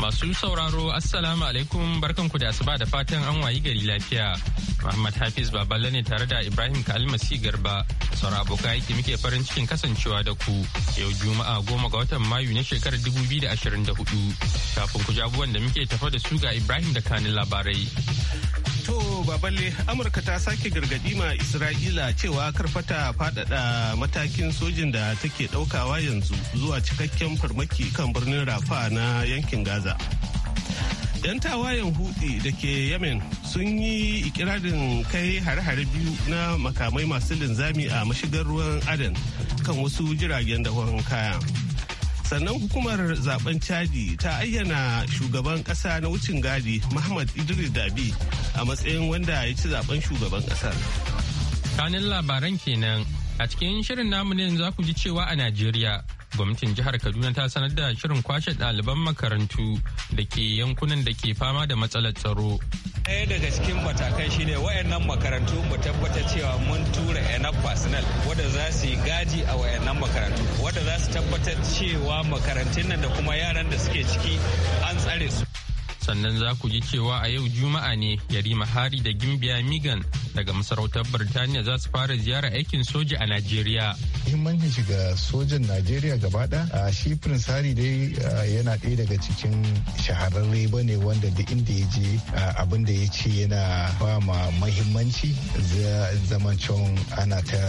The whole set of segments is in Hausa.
Masu sauraro Assalamu alaikum barkanku da asuba da fatan an wayi gari lafiya. Muhammad Hafiz Baballe ne tare da Ibrahim Kalmasi Garba. saura abokai aiki muke farin cikin kasancewa da ku yau Juma'a goma ga watan Mayu na shekarar dubu biyu da da ashirin hudu Kafin ku jabuwan da muke tafa da su ga Ibrahim da kanin labarai. baballe Amurka ta sake gargadi ma Isra'ila cewa karfata faɗaɗa matakin sojin da take ɗaukawa yanzu zuwa cikakken farmaki kan birnin Rafa na yankin Gaza. 'Yan tawayen Houthi da ke Yemen sun yi ikirarin kai hare-hare biyu na makamai masu linzami a mashigar ruwan Aden kan wasu jiragen dahon kaya. sannan hukumar zaben Cadi ta ayyana shugaban kasa na wucin gadi muhammad idris dabi a matsayin wanda ya ci zaben shugaban kasar kanin labaran kenan A cikin shirin namu ne za ku ji cewa a Najeriya, gwamnatin jihar Kaduna ta sanar da shirin kwashe ɗaliban makarantu da ke yankunan da ke fama da matsalar tsaro. Ɗaya daga cikin matakai shine wayannan makarantu mu tabbata cewa mun tura enough personnel wadda za su yi gaji a wayannan makarantu wadda za su tabbatar cewa makarantun nan da kuma yaran da suke ciki an tsare su. sannan za ku ji cewa a yau juma'a ne yarima hari da gimbiya migan daga masarautar birtaniya za su fara ziyara aikin soja a najeriya muhimmancin shiga sojan najeriya gaba a shi prince hari dai yana ɗaya daga cikin shahararre ba ne wanda duk inda ya je abin da ya ce yana ba ma muhimmanci can ana ta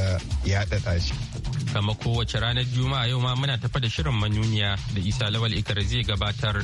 yada shi kama kowace ranar juma'a yau ma muna tafa da shirin manuniya da isa lawal ikar zai gabatar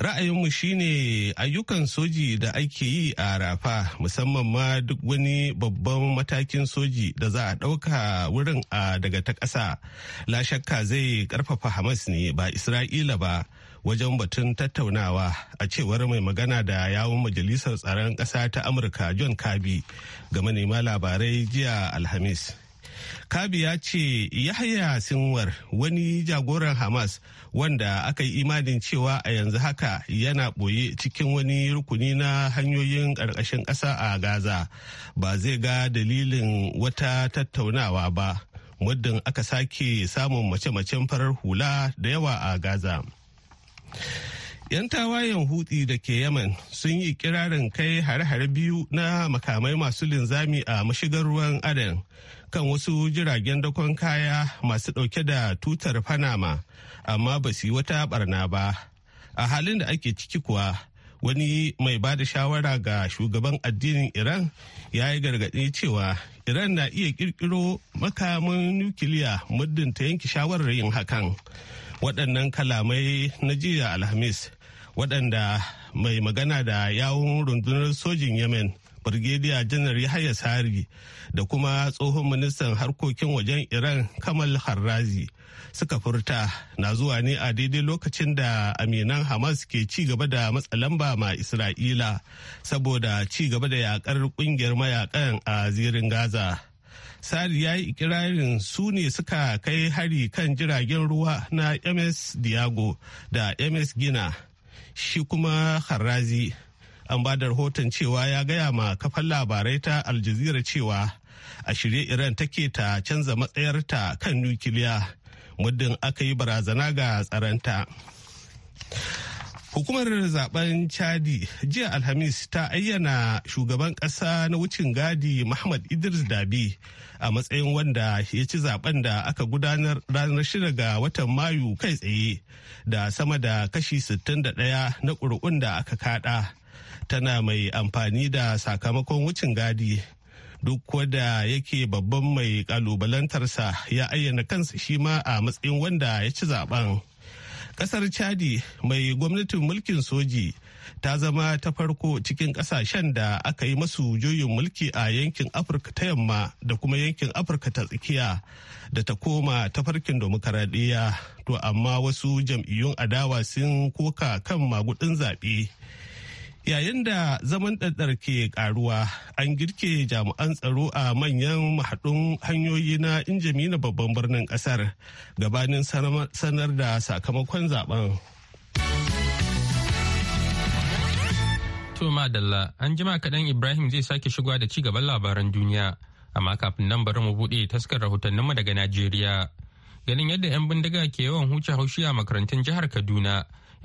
ra'ayinmu shine ayyukan soji da ake yi a rafa musamman ma duk wani babban matakin soji da za a ɗauka wurin a daga ta ƙasa la shakka zai ƙarfafa hamas ne ba isra'ila ba wajen batun tattaunawa a cewar mai magana da yawun majalisar tsaron ƙasa ta amurka john kabi ga manema labarai jiya alhamis Kabi ya ce Yahya Sinwar wani jagoran Hamas wanda aka yi imanin cewa a yanzu haka yana ɓoye cikin wani rukuni na hanyoyin ƙarƙashin ƙasa a Gaza ba zai ga dalilin wata tattaunawa ba muddin aka sake samun mace-macen farar hula da yawa a Gaza. 'Yan tawayen hutsi da ke Yaman sun yi kirarin kai har har biyu na makamai masu linzami a mashigar ruwan Aden kan wasu jiragen dakon kaya masu ɗauke da tutar Panama, amma ba su yi wata barna ba. A halin da ake ciki kuwa, wani mai ba da shawara ga shugaban addinin Iran ya yi gargaɗi cewa Iran na iya ƙirƙiro makamin nukiliya muddin ta yanke shawarar yin hakan. Waɗannan kalamai na jiya Alhamis, waɗanda mai magana da yawun rundunar sojin Yemen. Brigadier Janar Yahya Sari da kuma tsohon ministan harkokin wajen Iran Kamal Harrazi suka furta na zuwa ne a daidai lokacin da aminan Hamas ke ci gaba da matsa lamba ma Isra'ila saboda ci gaba da yakar kungiyar mayakan a zirin Gaza. Sari ya yi ikirarin su ne suka kai hari kan jiragen ruwa na MS Diago da MS Gina shi kuma Harrazi an ba da rahoton cewa ya gaya ma kafan labarai ta aljazira cewa a shirye iran take ta canza matsayarta kan nukiliya muddin aka yi barazana ga tsaranta hukumar zaben chadi jiya alhamis ta ayyana shugaban kasa na wucin gadi muhammad idris dabi a matsayin wanda ya ci zaben da aka gudanar ranar shida ga watan mayu kai tsaye da sama da kashi 61 na ƙuri'un da aka kada tana mai amfani da sakamakon wucin gadi duk wanda yake babban mai kalubalantarsa ya ayyana kansa shi ma a matsayin wanda ya ci zaben kasar chadi mai gwamnatin mulkin soji ta zama ta farko cikin kasashen da aka yi masu juyin mulki a yankin afirka ta yamma da kuma yankin afirka ta tsakiya da ta koma tafarkin demokaradiyya to amma wasu jam'iyyun adawa sun koka kan magudin zaɓe yayin da zaman ɗaɗɗar ke ƙaruwa an girke jami'an tsaro a manyan mahaɗun hanyoyi na injami na babban birnin ƙasar gabanin sanar da sakamakon zaben. To Madalla, an jima kaɗan Ibrahim zai sake shigowa da ci gaban labaran duniya, amma kafin nan bari mu buɗe taskar rahotanninmu daga Najeriya. Ganin yadda 'yan bindiga ke yawan huce haushi a makarantun jihar Kaduna,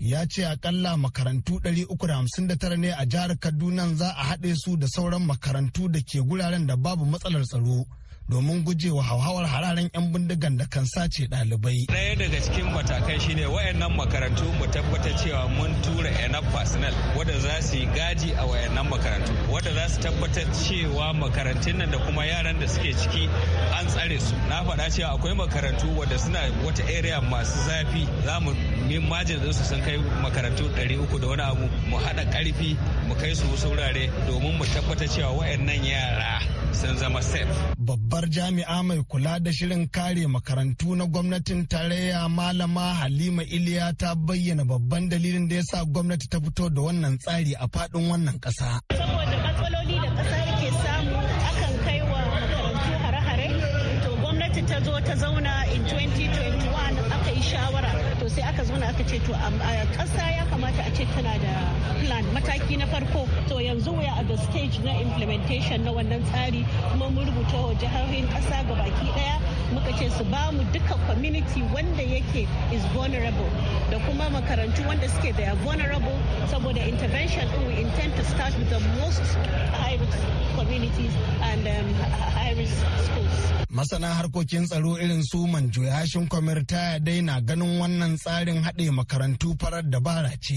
ya ce akalla makarantu 359 ne a jihar kaduna za a haɗe su da sauran makarantu da ke guraren da babu matsalar tsaro domin gujewa hauhawar hararen 'yan bindigan da kan sace ɗalibai. Ɗaya daga cikin matakai shine wayannan makarantu mu tabbata cewa mun tura enough personnel wanda za su yi gaji a wayannan makarantu wanda za su tabbatar cewa makarantun nan da kuma yaran da suke ciki an tsare su. Na faɗa cewa akwai makarantu wanda suna wata area masu zafi za mu min majin su sun kai makarantu 300 da wani abu mu haɗa ƙarfi mu kai su wurare domin mu tabbatar cewa wayannan yara sun zama safe. Babbar jami'a mai kula da shirin kare makarantu na gwamnatin tarayya malama Halima Iliya ta bayyana babban dalilin da ya sa gwamnati ta fito da wannan tsari a faɗin wannan ƙasa. mana aka ce to um, a kasa ya kamata a ce tana da plan mataki na farko to yanzu ya a the stage na implementation na wannan tsari kuma mun rubuta wa jihohin ga baki daya muka ce su ba mu duka community wanda yake is vulnerable da kuma makarantu wanda suke da vulnerable saboda intervention we intend to start with the most high risk communities and um, high risk schools masana harkokin tsaro irin su manjoyashin kwamir dai na ganin wannan tsarin haɗe makarantu farar dabara ce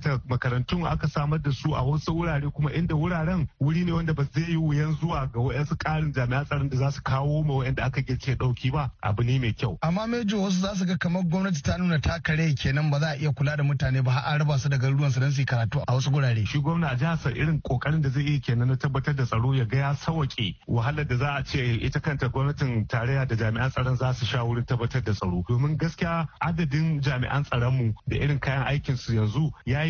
karkata makarantun aka samar da su a wasu wurare kuma inda wuraren wuri ne wanda ba zai yi wuyan zuwa ga wayansu karin jami'an tsaron da za su kawo ma wayanda aka ce dauki ba abu ne mai kyau amma mejo wasu za su ga kamar gwamnati ta nuna ta kare kenan ba za a iya kula da mutane ba har ba su da garuruwan su don su karatu a wasu gurare shi gwamna a jihar irin kokarin da zai iya kenan na tabbatar da tsaro ya ga ya sawake wahalar da za a ce ita kanta gwamnatin tarayya da jami'an tsaron za su sha wurin tabbatar da tsaro domin gaskiya adadin jami'an tsaron mu da irin kayan aikin su yanzu yayi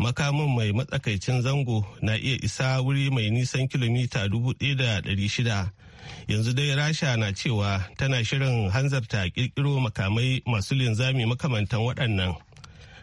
makamin mai matsakaicin zango na iya isa wuri mai nisan kilomita 1,600 yanzu dai rasha na cewa tana shirin hanzarta kirkiro makamai masu linzami makamantan waɗannan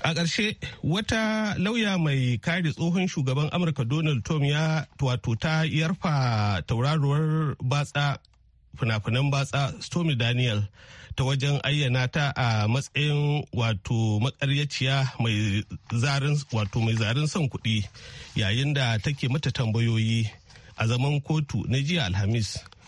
A ƙarshe wata lauya mai kare tsohon shugaban Amurka Donald Trump ya wato ta yarfa tauraruwar batsa fina-finan batsa Stormy Daniel ta wajen ayyana ta a matsayin wato makaryaciya mai zarin wato mai zarin son kuɗi yayin da take mata tambayoyi a zaman kotu na jiya Alhamis.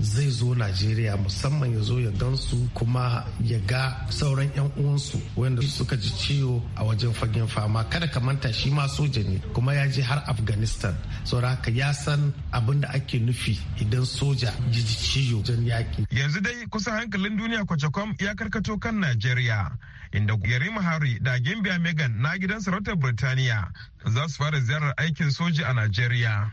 zai zo najeriya musamman ya zo ya gansu kuma ya ga sauran 'yan uwansu wanda suka ji ciwo a wajen fagen fama kada ka manta shi ma soja ne kuma ya je har afghanistan saboda haka ya san abin da ake nufi idan soja ya ji ciwo don yaƙi. yanzu dai kusan hankalin duniya kwacakwam ya karkato kan najeriya inda yarima hari da gimbiya megan na gidan sarautar birtaniya za su fara ziyarar aikin soja a najeriya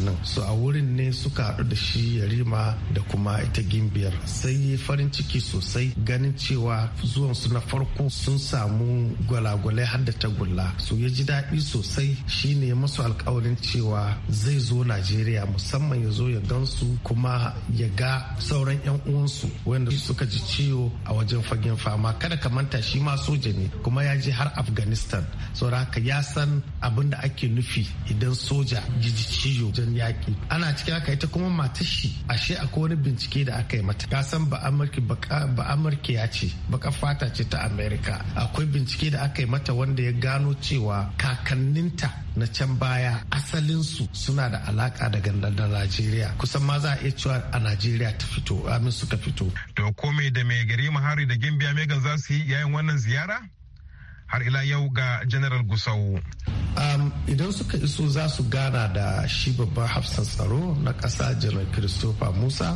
wasannin su a wurin ne suka haɗu da shi yarima da kuma ita gimbiyar sai yi farin ciki sosai ganin cewa zuwan su na farko sun samu gwalagwalai har da tagulla su ya ji daɗi sosai shi ne masu alkawarin cewa zai zo najeriya musamman ya zo ya gansu kuma ya ga sauran 'yan uwansu wanda suka ji ciwo a wajen fagen fama kada ka manta shi ma soja ne kuma ya je har afghanistan saboda haka ya san abin da ake nufi idan soja ji ciwo wajen yaƙi ana cikin haka ita kuma matar shi ashe a wani bincike da aka yi mata ka san ba amurki ya ce baka fata ce ta america akwai bincike da aka yi mata wanda ya gano cewa kakanninta na can baya asalinsu suna da alaka da gandar da najeriya kusan ma za a iya cewa a najeriya ta fito amin suka fito to kome da mai gari mahari da gimbiya megan za su yi yayin wannan ziyara har ila yau ga General Gusau. Um, idan suka iso za su gana da shi babban hafsan tsaro na kasa General Christopher Musa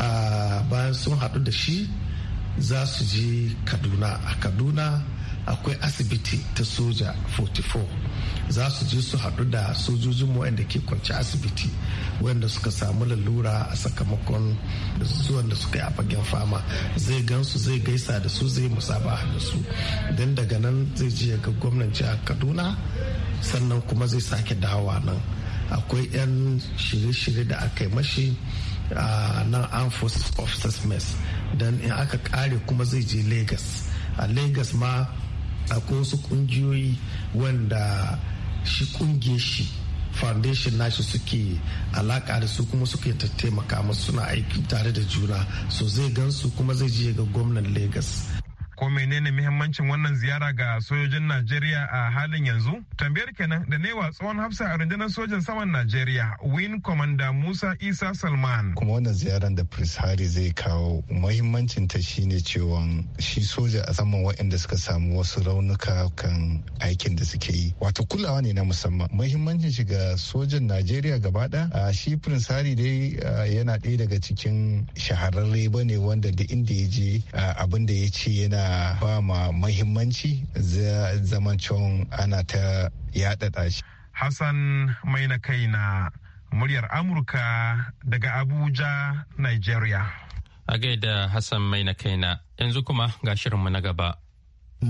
uh, bayan sun haɗu da shi za su ji Kaduna a Kaduna akwai asibiti ta soja 44 za su je su haɗu da sojojin waɗanda ke kwanci asibiti wanda suka samu lalura a sakamakon zuwan da suka yi a fagen fama zai gansu zai gaisa da su zai musaba da su don daga nan zai je ga gwamnan a kaduna sannan kuma zai sake dawowa nan akwai 'yan shirye-shirye da aka yi mashi a nan armed forces officers mess don in aka kare kuma zai je lagos a lagos ma akwai wasu kungiyoyi wanda shi kungiyar shi foundation nashi suke alaka da su kuma suke taimaka masu suna aiki tare da juna so zai gan su kuma zai je ga gwamnan lagos ko menene muhimmancin wannan ziyara ga sojojin Najeriya a halin yanzu? Tambayar kenan da newa tsohon hafsa a rundunar sojan saman Najeriya, Win Commander Musa Isa Salman. Kuma wannan ziyaran da Prince Harry zai kawo muhimmancin ta shine cewa shi soja a saman waɗanda suka samu wasu raunuka kan aikin da suke yi. Wato kulawa ne na musamman. Muhimmancin shi ga sojan Najeriya gaba ɗaya shi Prince Harry dai yana ɗaya daga cikin shahararre bane wanda duk inda ya je abin da ya ce yana ba ma mahimmanci zamancin ana ta yaɗaɗa shi. Hassan mai na kai na muryar Amurka daga Abuja, Nigeria. A gaida Hassan mai na kai na yanzu kuma ga shirinmu na gaba.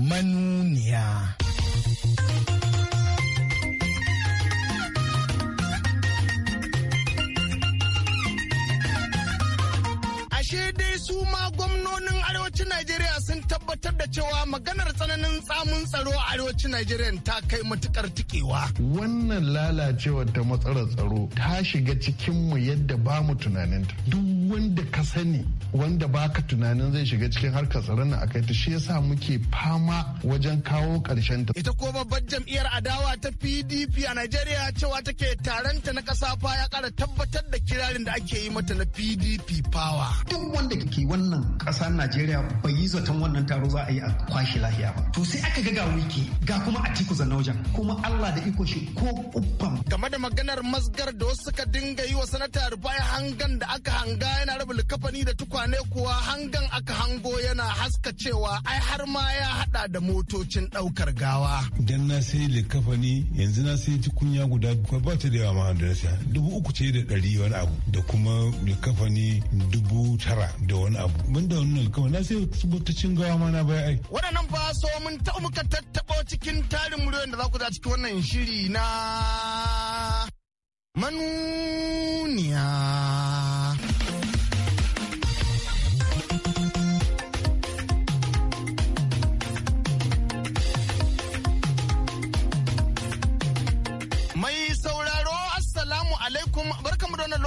Manuniya. Ashe dai su ma gwamnonin tabbatar da cewa maganar tsananin tsamin tsaro a arewacin Najeriya ta kai matukar tikewa. Wannan lalacewar ta matsalar tsaro ta shiga cikinmu yadda ba mu tunaninta. Duk wanda ka sani wanda baka tunanin zai shiga cikin harkar tsaron na akai ta shi yasa muke fama wajen kawo karshen ta ita ko babbar jam'iyyar adawa ta PDP a Najeriya cewa take taronta na kasa fa ya kara tabbatar da kirarin da ake yi mata na PDP power duk wanda ke wannan kasar Najeriya bai yi zaton wannan taro za a yi a kwashe lahiya ba to sai aka ga ga wiki ga kuma a tiku zanaujan kuma Allah da iko shi ko uffam game da maganar masgar da wasu suka dinga yi wa sanata rufai hangan da aka hanga yana raba likafani da tukwane kuwa hangan aka hango yana haska cewa ai har ma ya hada da motocin daukar gawa. Dan na sai likafani yanzu na sai tukunya guda kuma ba ta da yawa ma da nasa dubu uku ce da ɗari wani abu da kuma likafani dubu tara da wani abu. Mun da wannan likafani na sai tubutacin gawa ma na baya ai. Waɗannan ba so mun taɓa muka tattaɓo cikin tarin muryoyin da za ku za cikin wannan shiri na manuniya. no, no,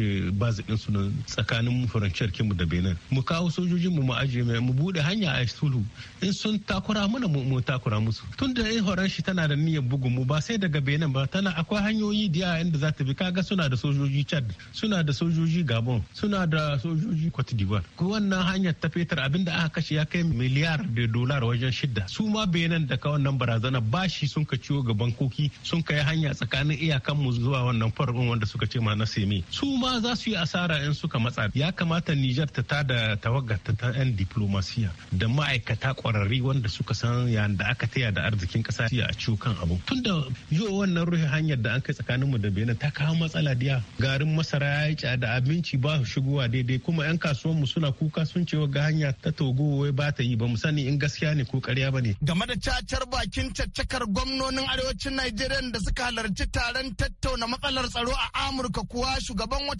aje bazikin su nan tsakanin mu faranciyar kinmu da benin mu kawo sojojin mu mu aje mai mu bude hanya a sulhu in sun takura mana mu takura musu tun da in horan shi tana da niyyar bugun mu ba sai daga benin ba tana akwai hanyoyi da yayin da za ta bi kaga suna da sojoji chad suna da sojoji gabon suna da sojoji cote d'ivoire ko wannan hanyar ta fetar abinda aka kashe ya kai miliyar da dolar wajen shidda su ma benin da ka wannan barazana bashi sun ka ciwo ga bankoki sun kai hanya tsakanin iyakan mu zuwa wannan farin wanda suka ce ma na semi su ma ma za su yi asara in suka matsa ya kamata Nijar ta tada tawagarta ta 'yan diplomasiya da ma'aikata kwararri wanda suka san da aka taya da arzikin kasa a ciwo kan abu tunda yiwa wannan ruhi hanyar da an kai tsakaninmu da benin ta kawo matsala diya garin masara ya yi da abinci ba shigowa daidai kuma 'yan kasuwanmu suna kuka sun cewa ga hanya ta togo wai ba ta yi ba mu sani in gaskiya ne ko karya ba ne game da cacar bakin caccakar gwamnonin arewacin najeriya da suka halarci taron tattauna matsalar tsaro a amurka kuwa shugaban wata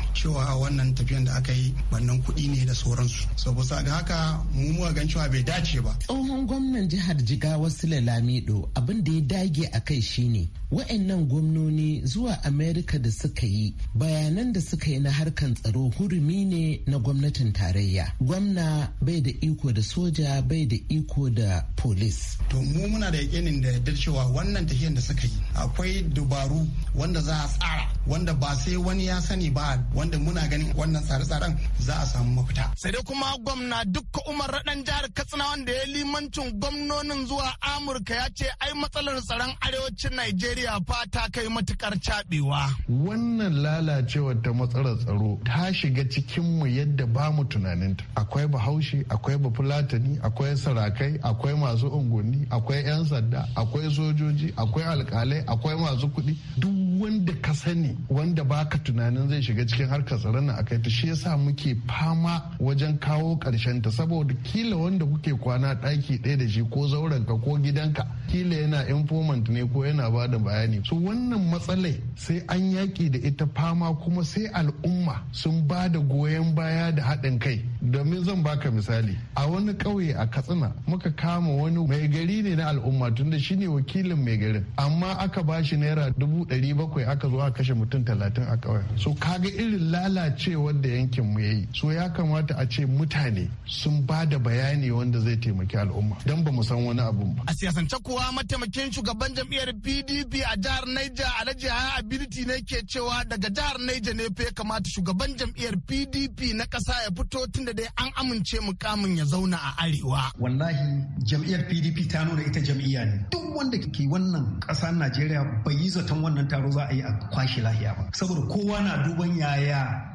cewa a wannan tafiyan da aka yi wannan kuɗi ne da sauransu so sa ga haka mu gan cewa bai dace ba tsohon gwamnan jihar jigawa sule lamido abin da ya dage a kai shine wa'annan gwamnoni zuwa amerika da suka yi bayanan da suka yi na harkan tsaro hurumi ne na gwamnatin tarayya gwamna bai da iko da soja bai da iko da polis to mu muna da yakinin da yadda cewa wannan tafiyan da suka yi akwai dubaru wanda za a tsara wanda ba sai wani ya sani ba wanda muna ganin wannan tsare-tsaren za a samu mafita sai dai kuma gwamna dukka umar raɗan jihar katsina wanda ya limancin gwamnonin zuwa amurka ya ce ai matsalar tsaron arewacin Najeriya fa ta kai matukar cabewa wannan lalacewar ta matsalar tsaro ta shiga cikinmu yadda ba mu tunaninta akwai bahaushe akwai bafulatani akwai sarakai akwai masu unguwanni akwai 'yan sanda akwai sojoji akwai alkalai akwai masu kuɗi duk wanda ka sani wanda baka tunanin zai shiga cikin harkar tsaron a kai ta shi yasa muke fama wajen kawo karshen ta saboda kila wanda kuke kwana ɗaki ɗaya da shi ko zauren ka ko gidanka kila yana informant ne ko yana ba da bayani su wannan matsalai sai an yaƙi da ita fama kuma sai al'umma sun ba da goyon baya da haɗin kai domin zan baka misali a wani ƙauye a katsina muka kama wani mai gari ne na al'umma tunda shine wakilin mai garin amma aka ba shi naira dubu ɗari bakwai aka zo a kashe mutum talatin a ƙauyen so kaga irin lalacewar da yankin mu yayi so ya kamata a ce mutane sun ba da bayani wanda zai taimaki al'umma don ba mu san wani abu ba a siyasance cewa mataimakin shugaban jam'iyyar pdp a jihar naija alhaji haya ability ne ke cewa daga jihar naija ne fa ya kamata shugaban jam'iyyar pdp na ƙasa ya fito tun da dai an amince mukamin ya zauna a arewa wallahi jam'iyyar pdp ta nuna ita jam'iyya ne duk wanda ke wannan kasar najeriya bai yi zaton wannan taro za a yi a kwashe lahiya ba saboda kowa na duban yaya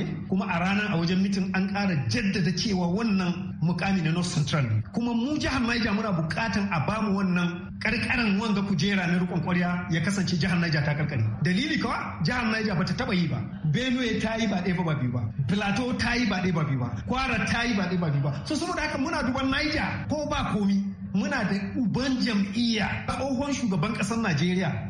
ne kuma a ranar a wajen mitin an ƙara jaddada cewa wannan mukami na north central ne kuma mu jihar Niger muna bukatan a bamu wannan karkarin wanga kujera na rikon kwarya ya kasance jihar Niger ta karkare dalili kawa jihar Niger bata taba yi ba Benue ta yi ba ɗaya ba biyu ba Plateau ta yi ba ɗaya ba biyu ba Kwara ta yi ba ɗaya ba biyu ba so saboda haka muna duban Niger ko ba komi muna da uban jam'iyya tsohon shugaban ƙasar Najeriya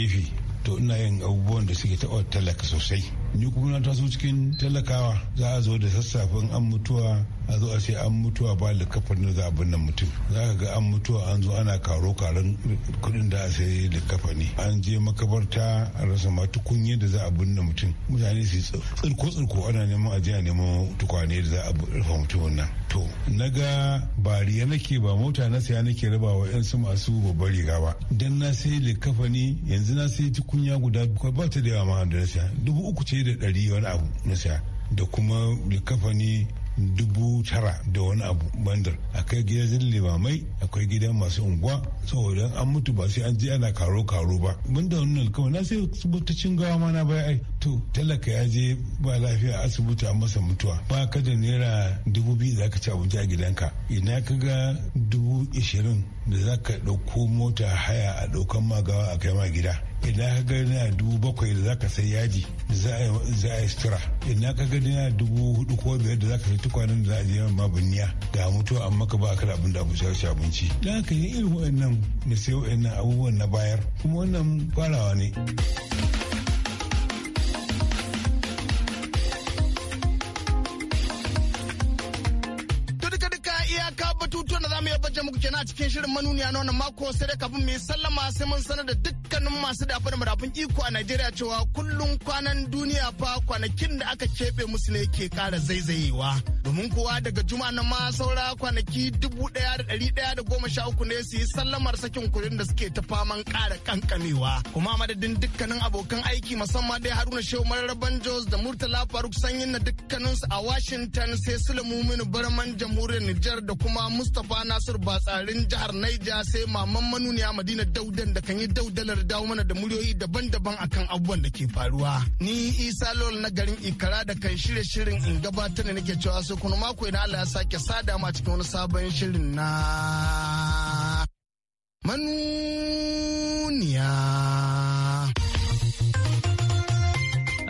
gefe to ina yin abubuwan da suke taɓa talaka sosai ni kuma na taso cikin talakawa za a zo da sassafen an mutuwa a zo a ce an mutuwa ba da da za a binne mutum za ka ga an mutuwa an zo ana karo karan kudin da a sayi da ne an je makabarta a rasa ma tukunye da za a binne mutum mutane su tsirko tsirko ana neman ajiya neman tukwane da za a rufe mutumin nan to na ga bariya nake ba mota na saya nake raba wa yansu masu babbar riga ba dan na sayi da kafa ne yanzu na sayi tukunya guda ba ta da yawa ma da na saya dubu uku ce da ɗari wani abu na saya da kuma likafani dubu tara da wani abu bandar akwai gidajen limamai akwai gidan masu unguwa saboda an mutu ba sai an je ana karo karo ba mun da wannan na sai cin gawa ma na baya ai to talaka ya je ba lafiya asibiti a masa mutuwa ba ka da naira dubu biyu za ka ci abinci a gidanka ina ka ga dubu ishirin da za ka ɗauko mota haya a ɗaukan magawa a kai ma gida idan ka ga na dubu bakwai da zaka sai yaji za a yi sutura idan ka ga na dubu hudu ko biyar da zaka sai tukwanen da za a je ma binniya ga mutuwa amma ka ba ka da abin da abu sai abinci dan haka ne irin wa'annan na sai wa'annan abubuwan na bayar kuma wannan farawa ne. kenan a cikin shirin manuniya na wannan mako sai dai kafin mu yi sallama sai mun sanar da dukkanin masu dafa da marafin iko a Najeriya cewa kullum kwanan duniya fa kwanakin da aka kebe musu ne ke kara zaizayewa. Domin kowa daga juma na ma saura kwanaki dubu ɗaya da ɗari ɗaya da goma sha uku ne su yi sallamar sakin kuɗin da suke ta faman ƙara kankamewa. Kuma madadin dukkanin abokan aiki musamman dai Haruna Shehu Mararraban Jos da Murtala Faruk Sanyin na dukkaninsu a Washington sai Sulemu Minu Barman Jamhuriyar Nijar da kuma Mustapha nasiru Batsa tsarin jihar Naija sai maman manuniya Madina Daudan da kan yi daudalar dawo mana da muryoyi daban-daban a kan abubuwan da ke faruwa. Ni Isa Lol na garin Ikara da kan shirye shirin in gabatar da nake cewa sai kuma mako idan Allah ya sake sada ma cikin wani sabon shirin na manuniya.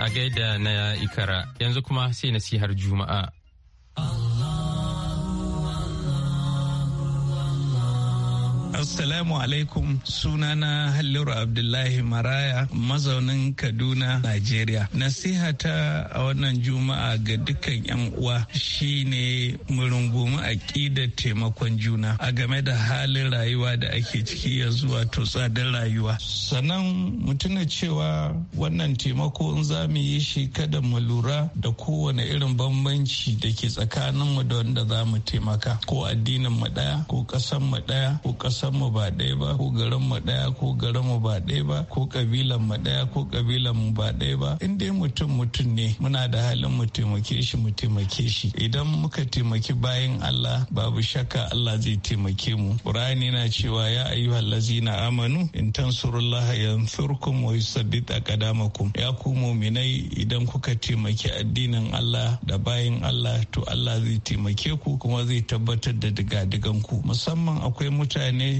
A gaida na Ikara yanzu kuma sai nasihar Juma'a. Assalamu alaikum sunana Halliru Abdullahi Maraya mazaunin Kaduna, Najeriya. Nasihata a wannan juma'a ga dukkan 'yan uwa shine murungumi ƙida taimakon juna a game da halin rayuwa da ake ciki ya zuwa wato tsadar rayuwa. Sannan mutuna cewa wannan taimako in za mu yi shi kada mu lura da kowane irin bambanci da ke tsakaninmu da wanda za mu taimaka ko addinin mu ɗaya ko ƙasan mu ɗaya ko ƙasan mu ba ɗaya ba ko garin mu ɗaya ko garin mu ba ɗaya ba ko kabilan mu ɗaya ko kabilan mu ba ɗaya ba in dai mutum mutum ne muna da halin mu taimake shi mu taimake shi idan muka taimaki bayan Allah babu shakka Allah zai taimake mu Qur'ani na cewa ya ayyuhal ladzina amanu in tansurullah yansurkum wa yusaddid aqdamakum ya ku mu'minai idan kuka taimaki addinin Allah da bayan Allah to Allah zai taimake ku kuma zai tabbatar da diga-digan ku musamman akwai mutane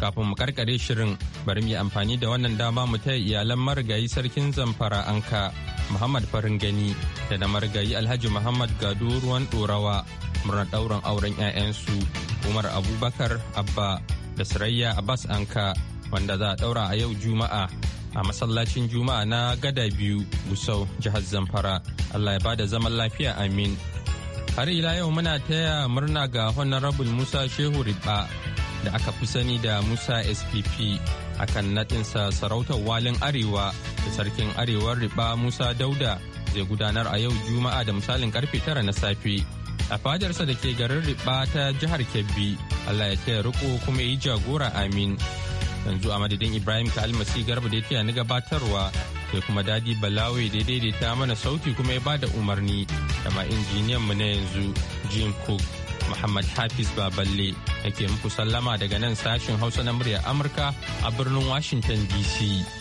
kafin mu karkare shirin bari mu yi amfani da wannan dama mu taya iyalan marigayi sarkin zamfara anka muhammad farin gani da na marigayi alhaji muhammad gado ruwan dorawa murnar ɗaurin auren 'ya'yansu umar abubakar abba da sarayya abbas anka wanda za a ɗaura a yau juma'a a masallacin juma'a na gada biyu gusau jihar zamfara allah ya bada zaman lafiya amin har ila yau muna taya murna ga honorable musa shehu riba da aka fi sani da Musa SPP a akan sa sarautar walin Arewa da sarkin Arewar Riba Musa Dauda zai gudanar a yau Juma'a da misalin karfe tara na safe. A fadarsa da ke garin Riba ta jihar Kebbi, Allah ya taya riko kuma yi jagora amin. Yanzu a madadin Ibrahim almasi Garba da ya ni gabatarwa sai kuma Dadi Balawe da daidaita mana sauti kuma ya bada umarni da ma injiniyan mu na yanzu Jim Cook. Muhammad Hafiz Baballe ake muku sallama daga nan sashin Hausa na murya Amurka a birnin Washington DC.